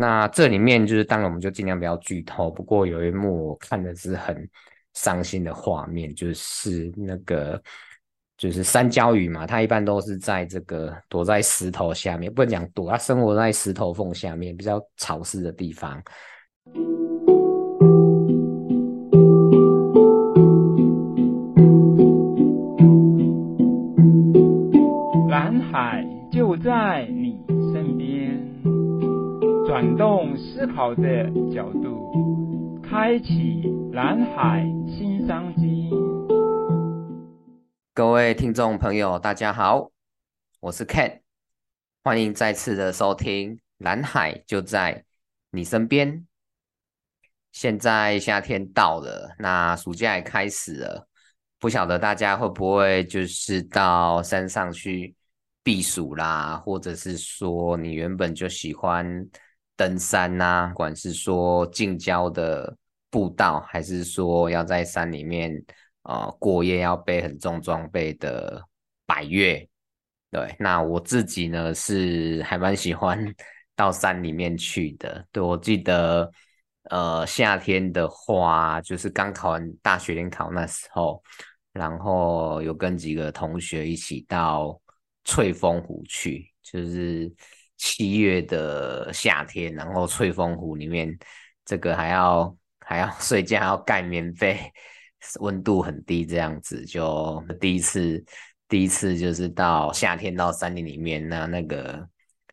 那這裡面就是，當然我們就儘量不要劇透。不過有一幕我看的是很傷心的畫面，就是那個就是山椒魚嘛，它一般都是在這個躲在石頭下面，不能講躲，它、啊、生活在石頭縫下面比較潮濕的地方。藍海就在你身邊。轉動思考的角度，開啟藍海新商機。各位聽眾朋友，大家好，我是 Ken，歡迎再次的收聽《藍海就在你身邊》。現在夏天到了，那暑假也開始了，不曉得大家會不會就是到山上去避暑啦，或者是說你原本就喜歡。登山吶，啊，不管是說近郊的步道，還是說要在山裡面啊、呃、過夜，要背很重裝備的百岳，對，那我自己呢是還蠻喜歡到山裡面去的。對，我記得，呃，夏天的話，就是剛考完大學聯考那時候，然後有跟幾個同學一起到翠峰湖去，就是七月的夏天，然後翠峰湖裡面，這個還要還要睡覺，還要蓋棉被，溫度很低，這樣子就第一次，第一次就是到夏天到山林裡面，那那個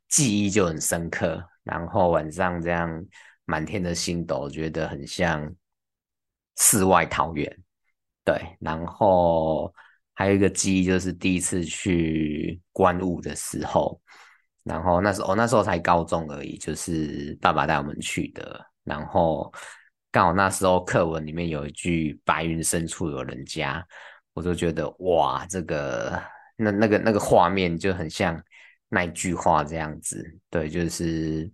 記憶就很深刻。然後晚上這樣滿天的星斗，覺得很像世外桃源。對，然後還有一個記憶就是第一次去觀霧的時候。然後那時候，那時候才高中而已，就是爸爸帶我們去的。然後剛好那時候課文裡面有一句“白雲深處有人家”，我就覺得哇，這個那那個那個畫面就很像那一句話這樣子。對，就是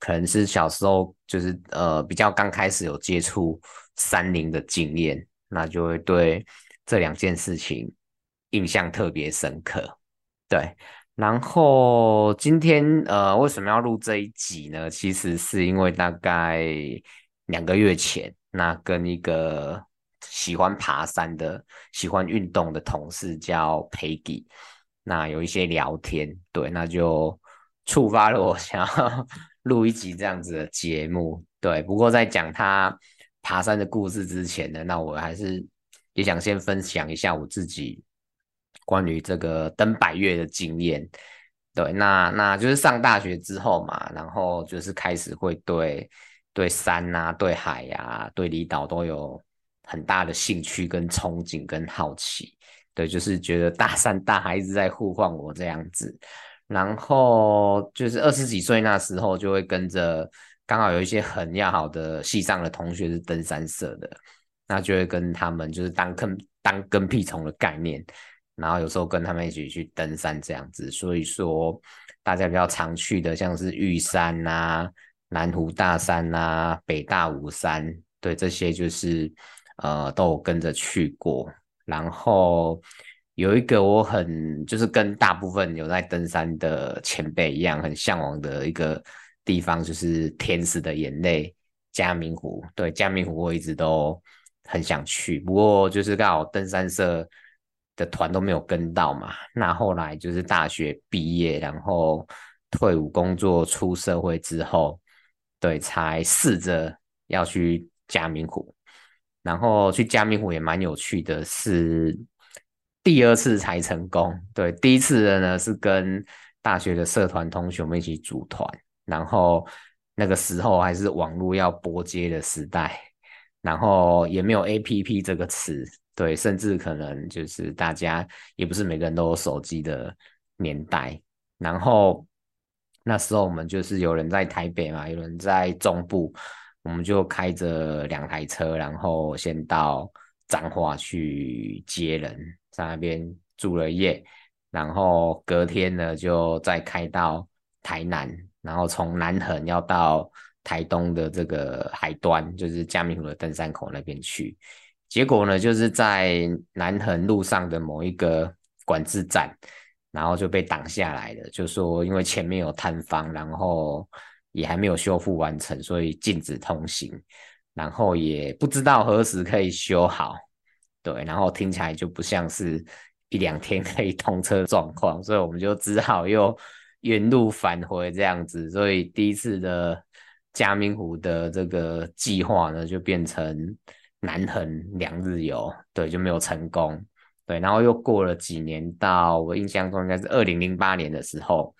可能是小時候就是呃比較剛開始有接觸山林的經驗，那就會對這兩件事情印象特別深刻。對。然後今天呃為什麼要錄這一集呢？其實是因為大概兩個月前，那跟一個喜歡爬山的、喜歡運動的同事叫 Peggy，那有一些聊天，對，那就觸發了我想要錄 一集這樣子的節目。對，不過在講他爬山的故事之前呢，那我還是也想先分享一下我自己。關於這個登百岳的經驗，對，那那就是上大學之後嘛，然後就是開始會對對山啊、對海呀、啊、對離島都有很大的興趣跟憧憬跟好奇，對，就是覺得大山大海一直在呼喚我這樣子。然後就是二十幾歲那時候，就會跟着剛好有一些很要好的系上的同學是登山社的，那就會跟他們就是當跟當跟屁蟲的概念。然後有時候跟他們一起去登山這樣子，所以說大家比較常去的像是玉山吶、啊、南湖大山吶、啊、北大武山，對這些就是呃都有跟着去過。然後有一個我很就是跟大部分有在登山的前輩一樣很向往的一個地方，就是天使的眼淚嘉明湖。對，嘉明湖我一直都很想去，不過就是剛好登山社。的團都沒有跟到嘛，那後來就是大學畢業，然後退伍、工作、出社會之後，對，才試着要去嘉明湖，然後去嘉明湖也蠻有趣的是，是第二次才成功。對，第一次的呢是跟大學的社團同學們一起組團，然後那個時候還是網絡要撥接的時代，然後也沒有 APP 這個詞。對，甚至可能就是大家也不是每個人都有手機的年代，然後那時候我們就是有人在台北嘛，有人在中部，我們就開着兩台車，然後先到彰化，去接人，在那邊住了一夜，然後隔天呢就再開到台南，然後從南橫要到台東的這個海端，就是嘉明湖的登山口那邊去。結果呢，就是在南橫路上的某一個管制站，然後就被擋下來了。就說因為前面有坍方，然後也還沒有修復完成，所以禁止通行。然後也不知道何時可以修好，對。然後聽起來就不像是一兩天可以通車狀況，所以我們就只好又原路返回這樣子。所以第一次的嘉明湖的這個計劃呢，就變成，南橫兩日遊，對，就沒有成功。對，然後又過了幾年，到我印象中應該是二零零八年的時候，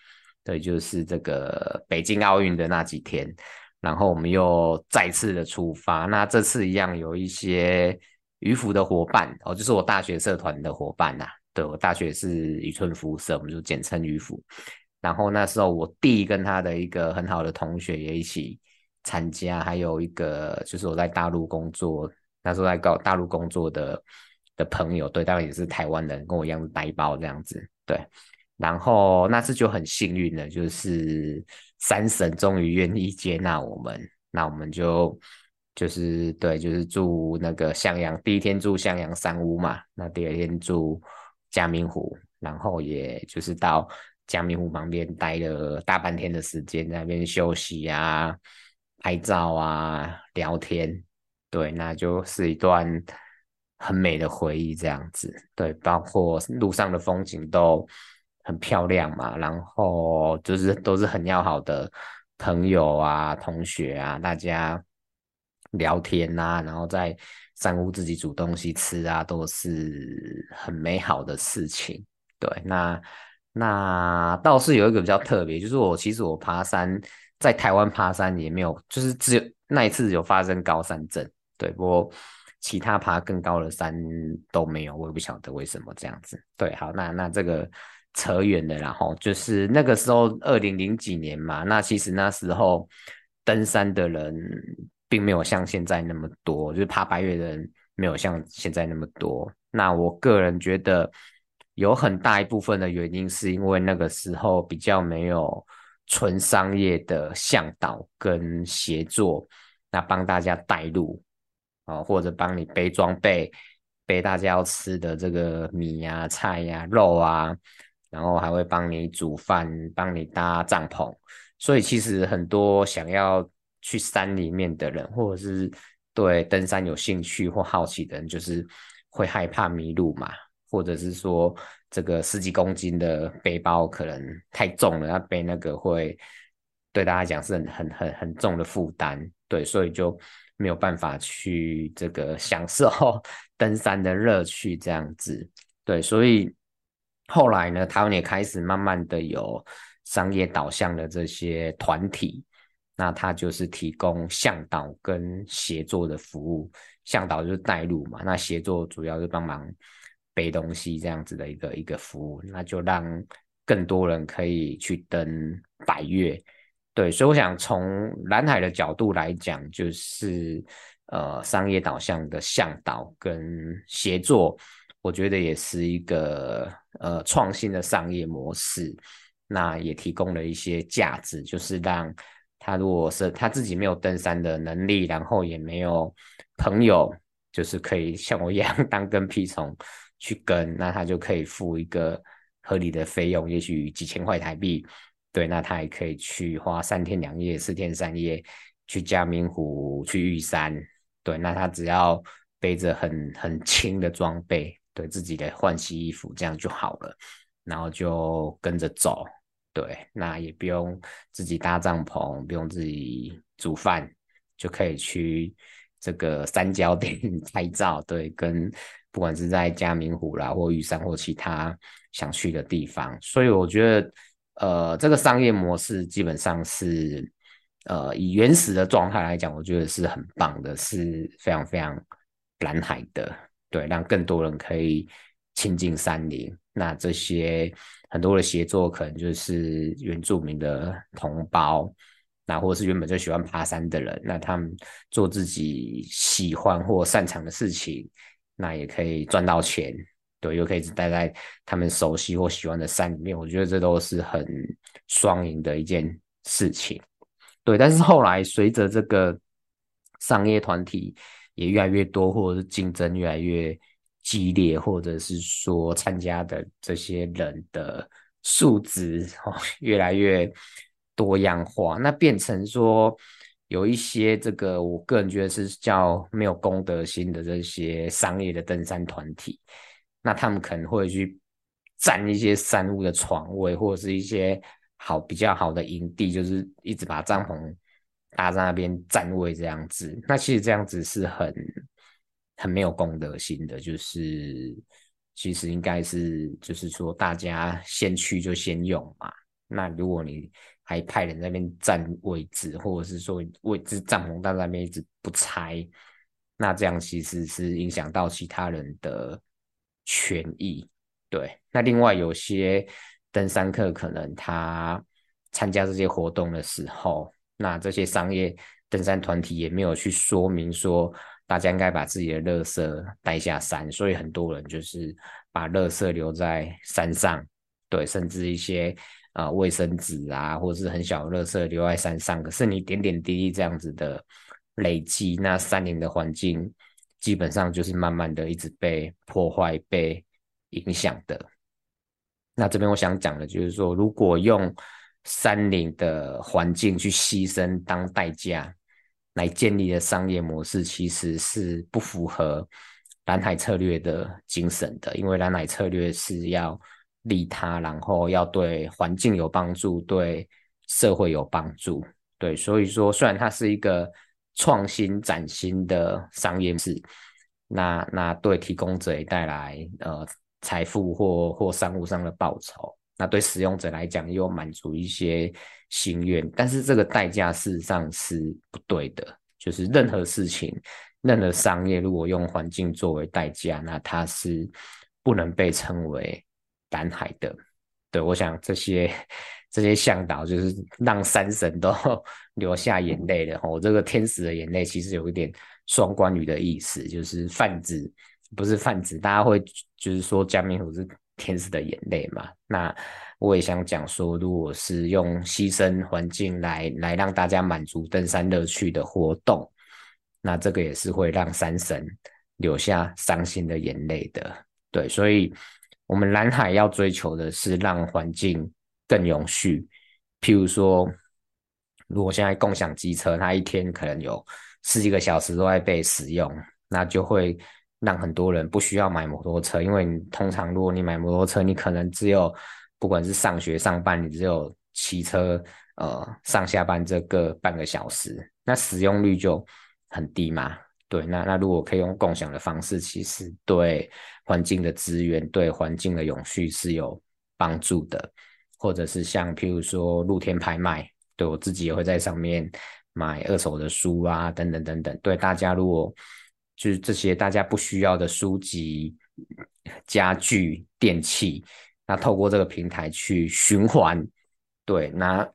對，就是這個北京奧運的那幾天，然後我們又再次的出發。那這次一樣有一些漁夫的夥伴，哦，就是我大學社團的夥伴吶、啊。對，我大學是漁村服務社，我們就簡稱漁夫。然後那時候我弟跟他的一個很好的同學也一起參加，還有一個就是我在大陸工作。那時候在搞大陸工作的的朋友，對，當然也是台灣人，跟我一樣背包這樣子，對。然後那次就很幸運了，就是三神終於願意接納我們，那我們就就是對，就是住那個向陽，第一天住向陽山屋嘛，那第二天住嘉明湖，然後也就是到嘉明湖旁邊待了大半天的時間，在那邊休息啊、拍照啊、聊天。對，那就是一段很美的回憶，這樣子。對，包括路上的風景都很漂亮嘛，然後就是都是很要好的朋友啊、同學啊，大家聊天吶、啊，然後在山屋自己煮東西吃啊，都是很美好的事情。對，那那倒是有一個比較特別，就是我其實我爬山在台灣爬山也沒有，就是只有那一次有發生高山症。對，不過其他爬更高的山都沒有，我也不曉得為什麼這樣子。對，好，那那這個扯遠了，然後就是那個時候二零零幾年嘛，那其實那時候登山的人並沒有像現在那麼多，就是爬白月的人沒有像現在那麼多。那我個人覺得有很大一部分的原因是因為那個時候比較沒有純商業的向導跟協作，那幫大家帶路。哦，或者幫你背裝備，背大家要吃的這個米呀、啊、菜呀、啊、肉啊，然後還會幫你煮飯、幫你搭帳篷。所以其實很多想要去山裡面的人，或者是對登山有興趣或好奇的人，就是會害怕迷路嘛，或者是說這個十幾公斤的背包可能太重了，要背那個會對大家講是很很很很重的負擔。對，所以就。沒有辦法去這個享受登山的樂趣，這樣子，對，所以後來呢，台灣也開始慢慢的有商業導向的這些團體，那他就是提供向導跟協作的服務，向導就是帶路嘛，那協作主要是幫忙背東西這樣子的一個一個服務，那就讓更多人可以去登百岳。對，所以我想從藍海的角度來講，就是呃，商業導向的向導跟協作，我覺得也是一個呃創新的商業模式。那也提供了一些價值，就是讓他如果是他自己沒有登山的能力，然後也沒有朋友，就是可以像我一樣當跟屁蟲去跟，那他就可以付一個合理的費用，也許幾千塊台幣。對，那他也可以去花三天兩夜、四天三夜去嘉明湖、去玉山。對，那他只要背着很很輕的裝備，對自己的換洗衣服這樣就好了，然後就跟着走。對，那也不用自己搭帳篷，不用自己煮飯，就可以去這個三角點拍照。對，跟不管是在嘉明湖啦，或玉山或其他想去的地方，所以我覺得。呃，這個商業模式基本上是，呃，以原始的狀態來講，我覺得是很棒的，是非常非常藍海的。對，讓更多人可以親近山林，那這些很多的協作，可能就是原住民的同胞，那或者是原本就喜歡爬山的人，那他們做自己喜歡或擅長的事情，那也可以賺到錢。對，又可以只待在他們熟悉或喜歡的山裡面，我覺得這都是很雙贏的一件事情。對，但是後來隨着這個商業團體也越來越多，或者是競爭越來越激烈，或者是說參加的這些人的素質、哦、越來越多樣化，那變成說有一些這個我個人覺得是叫沒有公德心的這些商業的登山團體。那他們可能會去占一些山屋的床位，或者是一些好比較好的營地，就是一直把帳篷搭在那邊占位這樣子。那其實這樣子是很很沒有公德心的，就是其實應該是就是說大家先去就先用嘛。那如果你還派人在那邊占位置，或者是說位置帳篷搭在那邊一直不拆，那這樣其實是影響到其他人的。權益。對，那另外有些登山客可能他參加這些活動的時候，那這些商業登山團體也沒有去說明說大家應該把自己的垃圾帶下山，所以很多人就是把垃圾留在山上，對，甚至一些、呃、衛生紙啊衛生紙啊或是很小的垃圾留在山上，可是你點點滴滴這樣子的累積，那山林的環境。基本上就是慢慢的一直被破壞、被影響的。那這邊我想講的，就是說，如果用山林的環境去犧牲當代價來建立的商業模式，其實是不符合藍海策略的精神的。因為藍海策略是要利他，然後要對環境有幫助、對社會有幫助。對，所以說，雖然它是一個。創新嶄新的商業模式，那那對提供者也帶來呃財富或或商務上的報酬，那對使用者來講又滿足一些心願，但是這個代價事實上是不對的，就是任何事情、任何商業如果用環境作為代價，那它是不能被稱為藍海的。我想這些這些向導就是讓山神都流下眼淚的。吼這個天使的眼淚其實有一點雙關語的意思，就是泛指，不是泛指。大家會就是說嘉明湖是天使的眼淚嘛？那我也想講說，如果是用犧牲環境來來讓大家滿足登山樂趣的活動，那這個也是會讓山神流下傷心的眼淚的。對，所以。我們藍海要追求的是讓環境更永續，譬如說，如果現在共享機車，它一天可能有十幾個小時都在被使用，那就會讓很多人不需要買摩托車，因為你通常如果你買摩托車，你可能只有不管是上學、上班，你只有騎車，呃，上下班這個半個小時，那使用率就很低嘛。對，那那如果可以用共享的方式，其實對環境的資源、對環境的永續是有幫助的，或者是像譬如說露天拍賣，對我自己也會在上面買二手的書啊，等等等等。對大家，如果就是這些大家不需要的書籍、家具、電器，那透過這個平台去循環，對，那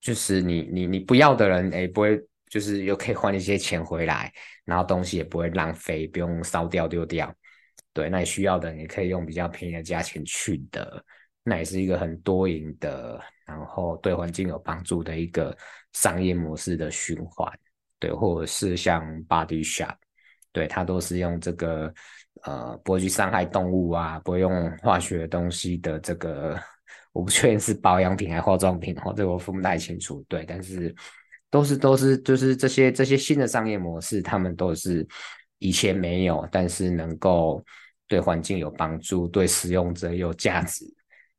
就是你你你不要的人，哎，不會。就是又可以換一些錢回來，然後東西也不會浪費，不用燒掉丟掉。對，那你需要的，你可以用比較便宜的價錢取得。那也是一個很多贏的，然後對環境有幫助的一個商業模式的循環。對，或者是像 Body Shop，對，它都是用這個呃不會去傷害動物啊，不會用化學的東西的這個，我不確定是保養品還是化妝品哦，這個我分不太清楚。對，但是。都是都是就是這些這些新的商業模式，他們都是以前沒有，但是能夠對環境有幫助，對使用者有價值，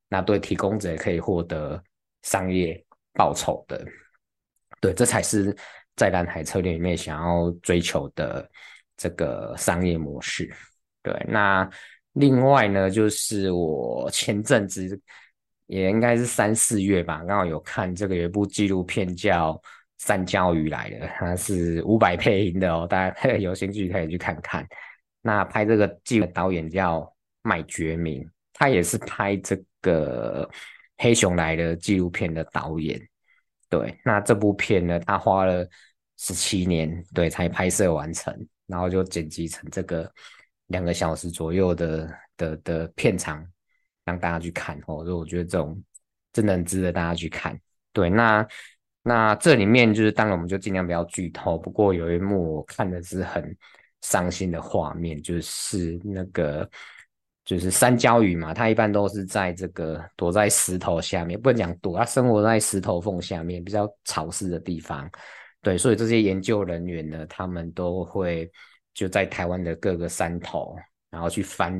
那對提供者也可以獲得商業報酬的。對，這才是在藍海策略裡面想要追求的這個商業模式。對，那另外呢，就是我前陣子也應該是三四月吧，剛好有看這個有一部紀錄片叫。山椒魚來了，它是五百配音的哦，大家有興趣可以去看看。那拍這個紀錄片導演叫麥覺明，他也是拍這個《黑熊來了》紀錄片的導演。對，那這部片呢，他花了十七年對才拍攝完成，然後就剪輯成這個兩個小時左右的的的的片長，讓大家去看哦。所以我覺得這種真的值得大家去看。對，那。那這裡面就是，當然我們就盡量不要劇透。不過有一幕我看的是很傷心的畫面，就是那個就是山椒魚嘛，它一般都是在這個躲在石頭下面，不能講躲，它生活在石頭縫下面比較潮濕的地方。對，所以這些研究人員呢，他們都會就在台灣的各個山頭，然後去翻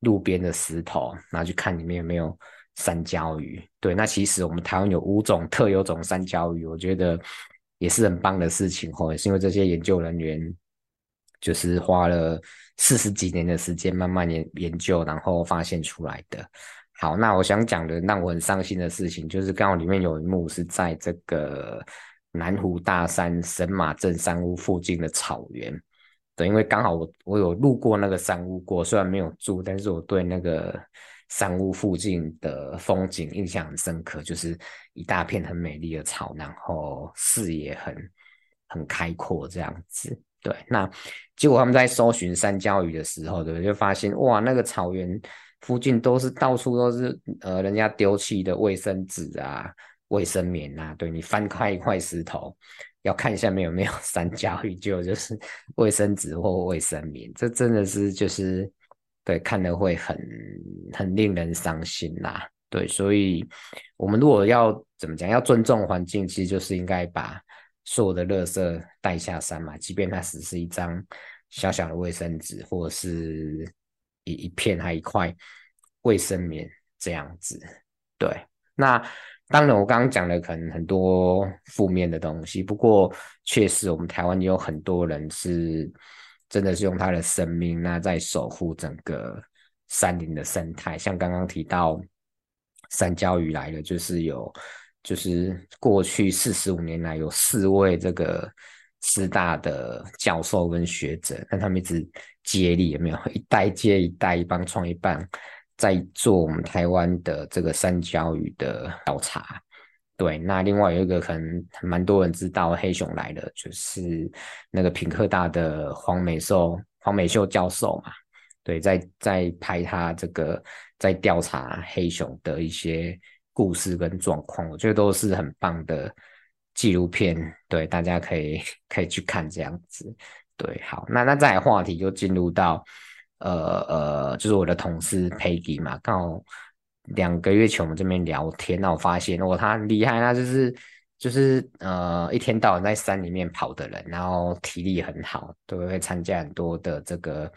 路邊的石頭，然後去看裡面有沒有。山椒魚，對，那其實我們台灣有五種特有種山椒魚，我覺得也是很棒的事情哦，也是因為這些研究人員就是花了四十幾年的時間慢慢研研究，然後發現出來的。好，那我想講的讓我很傷心的事情，就是剛好裡面有一幕是在這個南湖大山審馬陣山屋附近的草原，對，因為剛好我我有路過那個山屋過，雖然沒有住，但是我對那個。山屋附近的風景印象很深刻，就是一大片很美麗的草，然後視野很很開闊這樣子。對，那結果他們在搜尋山椒魚的時候，對，就發現哇，那個草原附近都是到處都是呃，人家丟棄的衛生紙啊、衛生棉啊。對，你翻開一塊石頭，要看一下面有沒有山椒魚，就 就是衛生紙或衛生棉。這真的是就是。對，看了會很很令人傷心啦、啊、對，所以我們如果要怎麼講，要尊重環境，其實就是應該把所有的垃圾帶下山嘛，即便它只是一張小小的衛生紙，或者是一一片還一塊衛生棉這樣子。對，那當然，我剛剛講了，可能很多負面的東西，不過確實我們台灣也有很多人是。真的是用他的生命、啊，那在守護整個山林的生態。像剛剛提到山椒魚來了，就是有，就是過去四十五年來有四位這個師大的教授跟學者，但他們一直接力也沒有一代接一代一,一幫創業棒在做我們台灣的這個山椒魚的調查。對，那另外有一個可能蠻多人知道黑熊來了，就是那個屏科大的黃美秀、黃美秀教授嘛，對，在在拍他這個在調查黑熊的一些故事跟狀況，我覺得都是很棒的紀錄片，對，大家可以可以去看這樣子。對，好，那那再來話題就進入到呃呃，就是我的同事 Peggy 嘛，剛好。兩個月前我們這邊聊天，然後發現哦，如果他很厲害，他就是就是呃，一天到晚在山裡面跑的人，然後體力很好，都會參加很多的這個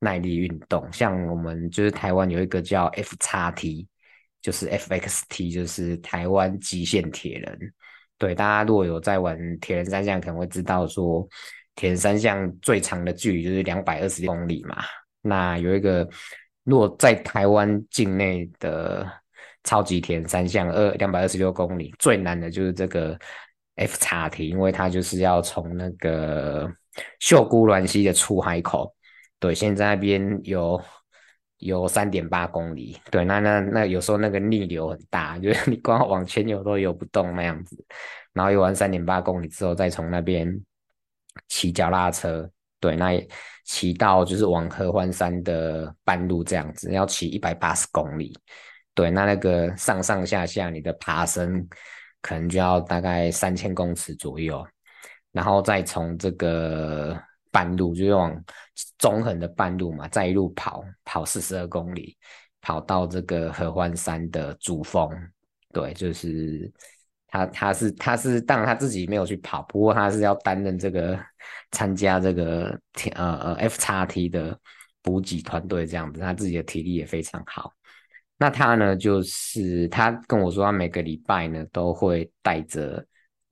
耐力運動。像我們就是台灣有一個叫 F 叉 T，就是 FXT，就是台灣極限鐵人。對，大家如果有在玩鐵人三項，可能會知道說鐵人三項最長的距離就是兩百二十公里嘛。那有一個。如果在台灣境內的超級鐵三項，二兩百二十六公里，最難的就是這個 FXT，因為它就是要從那個秀姑巒溪的出海口，對，現在那邊有有三點八公里，對，那那那有時候那個逆流很大，就是你光往前游都游不動那樣子，然後游完三點八公里之後，再從那邊騎腳踏車，對，那。騎到就是往合歡山的半路這樣子，要騎一百八十公里，對，那那個上上下下你的爬升可能就要大概三千公尺左右，然後再從這個半路就是往中橫的半路嘛，再一路跑跑四十二公里，跑到這個合歡山的主峰，對，就是。他他是他是，當然他自己沒有去跑，不過他是要擔任這個參加這個呃呃 F 叉 T 的補給團隊這樣子，他自己的體力也非常好。那他呢，就是他跟我說，他每個禮拜呢都會帶着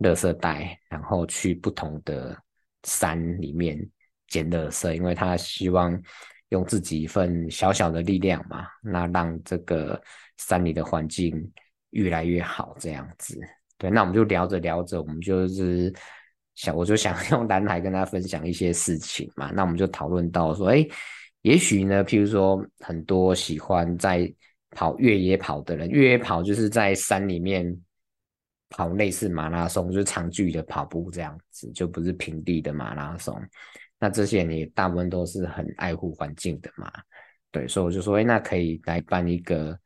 垃圾袋，然後去不同的山裡面撿垃圾，因為他希望用自己一份小小的力量嘛，那讓這個山裡的環境越來越好這樣子。對，那我們就聊着聊着，我們就是想，我就想用藍海跟他分享一些事情嘛。那我們就討論到說，哎、欸，也許呢，譬如說，很多喜歡在跑越野跑的人，越野跑就是在山裡面跑，類似馬拉松，就是長距離的跑步這樣子，就不是平地的馬拉松。那這些人也大部分都是很愛護環境的嘛。對，所以我就說，哎、欸，那可以來辦一個。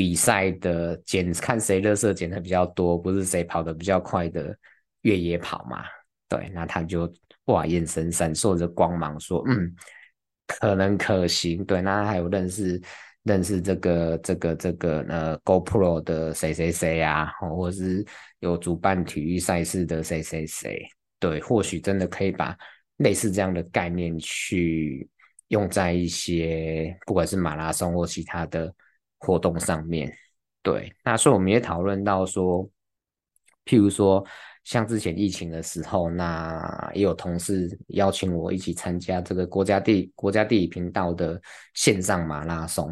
比賽的撿看誰垃圾撿的比較多，不是誰跑得比較快的越野跑嘛？對，那他就哇，眼神閃爍着光芒說，說嗯，可能可行。對，那他還有認識認識這個這個這個呃 GoPro 的誰誰誰呀、啊哦，或者是有主辦體育賽事的誰誰誰？對，或許真的可以把類似這樣的概念去用在一些不管是馬拉松或其他的。活動上面，對，那所以我們也討論到說，譬如說像之前疫情的時候，那也有同事邀請我一起參加這個國家地國家地理頻道的線上馬拉松，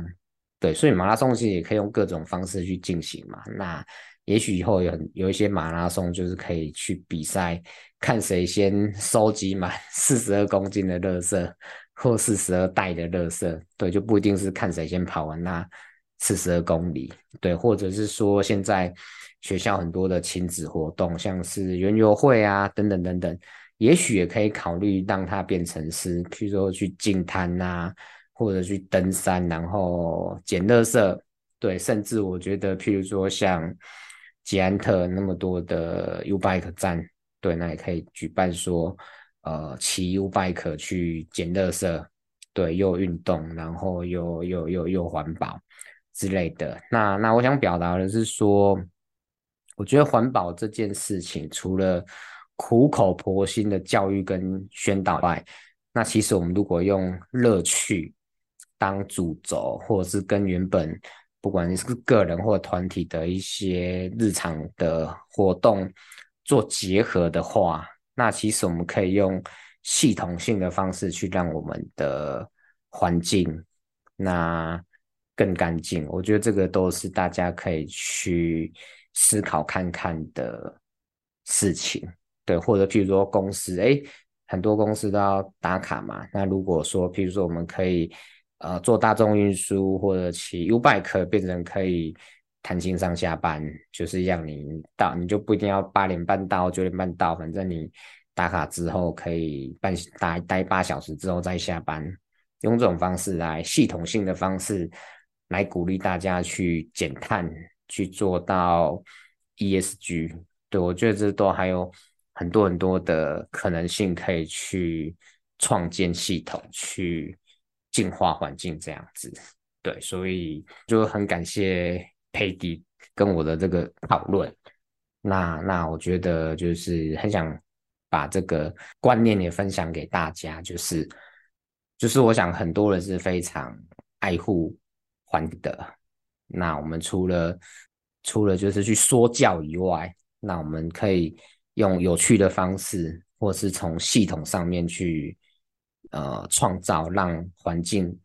對，所以馬拉松其實也可以用各種方式去進行嘛。那也許以後有有一些馬拉松就是可以去比賽，看誰先收集滿四十二公斤的垃圾或四十二袋的垃圾，對，就不一定是看誰先跑完那。四十二公里，對，或者是說現在學校很多的親子活動，像是園遊會啊，等等等等，也許也可以考慮讓它變成是，譬如說去淨灘啊，或者去登山，然後撿垃圾，對，甚至我覺得譬如說像捷安特那麼多的 U bike 站，對，那也可以舉辦說，呃，騎 U bike 去撿垃圾，對，又運動，然後又又又又環保。之類的，那那我想表達的是說，我覺得環保這件事情，除了苦口婆心的教育跟宣導外，那其實我們如果用樂趣當主軸，或者是跟原本不管你是個人或團體的一些日常的活動做結合的話，那其實我們可以用系統性的方式去讓我們的環境，那更乾淨，我覺得這個都是大家可以去思考看看的事情，對，或者譬如說公司，哎，很多公司都要打卡嘛。那如果說譬如說我們可以呃做大眾運輸或者騎 U-Bike，變成可以彈性上下班，就是讓你到你就不一定要八點半到九點半到，反正你打卡之後可以半，待待八小時之後再下班，用這種方式來系統性的方式。來鼓勵大家去減碳，去做到 ESG，對，我覺得這都還有很多很多的可能性可以去創建系統，去淨化環境這樣子。對，所以就很感謝佩迪跟我的這個討論。那那我覺得就是很想把這個觀念也分享給大家，就是就是我想很多人是非常愛護。還得，那我們除了除了就是去說教以外，那我們可以用有趣的方式，或是從系統上面去呃創造，讓環境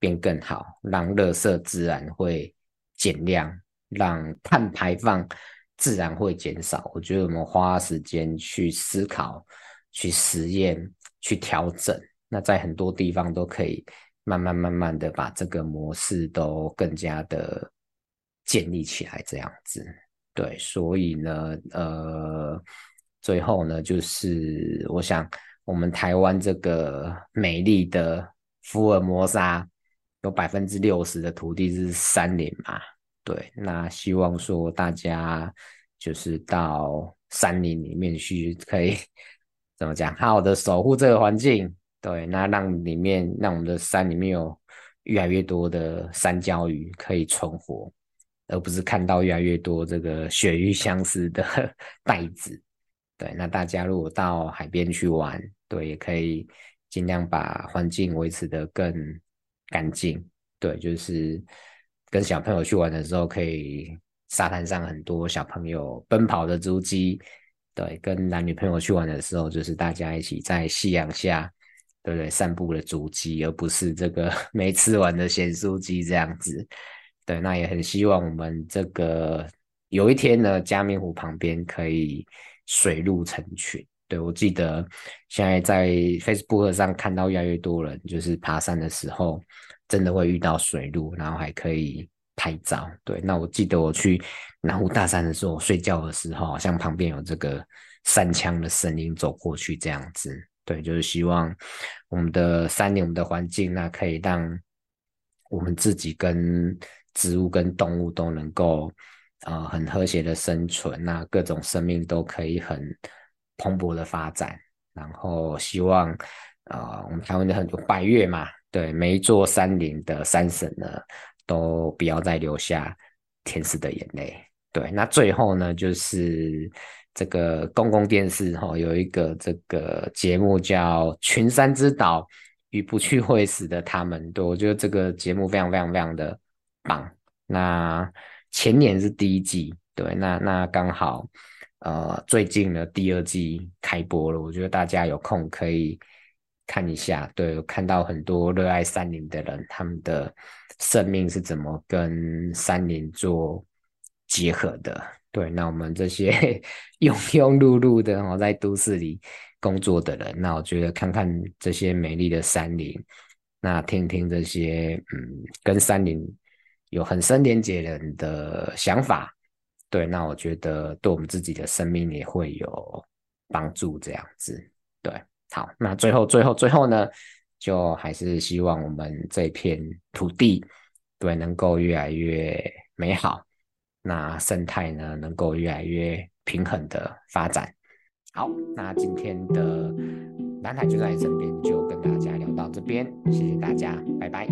變更好，讓垃圾自然會減量，讓碳排放自然會減少。我覺得我們花時間去思考、去實驗、去調整，那在很多地方都可以。慢慢慢慢的把這個模式都更加的建立起來，這樣子，對，所以呢，呃，最後呢，就是我想，我們台灣這個美麗的福爾摩沙有60，有百分之六十的土地是山林嘛，對，那希望說大家就是到山林裡面去，可以怎麼講，好好的守護這個環境。對，那讓裡面讓我們的山裡面有越來越多的山椒魚，可以存活，而不是看到越來越多這個血域相似的袋子。對，那大家如果到海邊去玩，對，也可以盡量把環境維持得更乾淨。對，就是跟小朋友去玩的時候，可以沙灘上很多小朋友奔跑的足跡。對，跟男女朋友去玩的時候，就是大家一起在夕陽下。對對，散步的足跡，而不是這個沒吃完的鹹酥雞這樣子。對，那也很希望我們這個有一天呢，嘉明湖旁邊可以水鹿成群。對我記得，現在在 Facebook 上看到越來越多人，就是爬山的時候真的會遇到水鹿，然後還可以拍照。對，那我記得我去南湖大山的時候，我睡覺的時候好像旁邊有這個山羌的聲音走過去這樣子。對，就是希望我們的山林，我們的環境，那可以讓我們自己跟植物，跟動物都能夠，啊、呃，很和諧的生存，那各種生命都可以很蓬勃的發展。然後希望，啊、呃，我們台灣的很多百岳嘛，對，每一座山林的山神呢，都不要再留下天使的眼淚。對，那最後呢，就是。這個公共電視哈、哦、有一個這個節目叫《群山之島》，與不去會死的他們，對，我覺得這個節目非常非常非常的棒。那前年是第一季，對，那那剛好呃最近呢第二季開播了，我覺得大家有空可以看一下，對，我看到很多熱愛山林的人，他們的生命是怎麼跟山林做結合的。對，那我們這些庸庸碌碌的哈、哦，在都市裡工作的人，那我覺得看看這些美麗的山林，那聽聽這些嗯，跟山林有很深連結人的想法，對，那我覺得對我們自己的生命也會有幫助，這樣子，對，好，那最後最後最後呢，就還是希望我們這片土地，對，能夠越來越美好。那生態呢，能夠越來越平衡的發展。好，那今天的藍海就在這邊，就跟大家聊到這邊，謝謝大家，拜拜。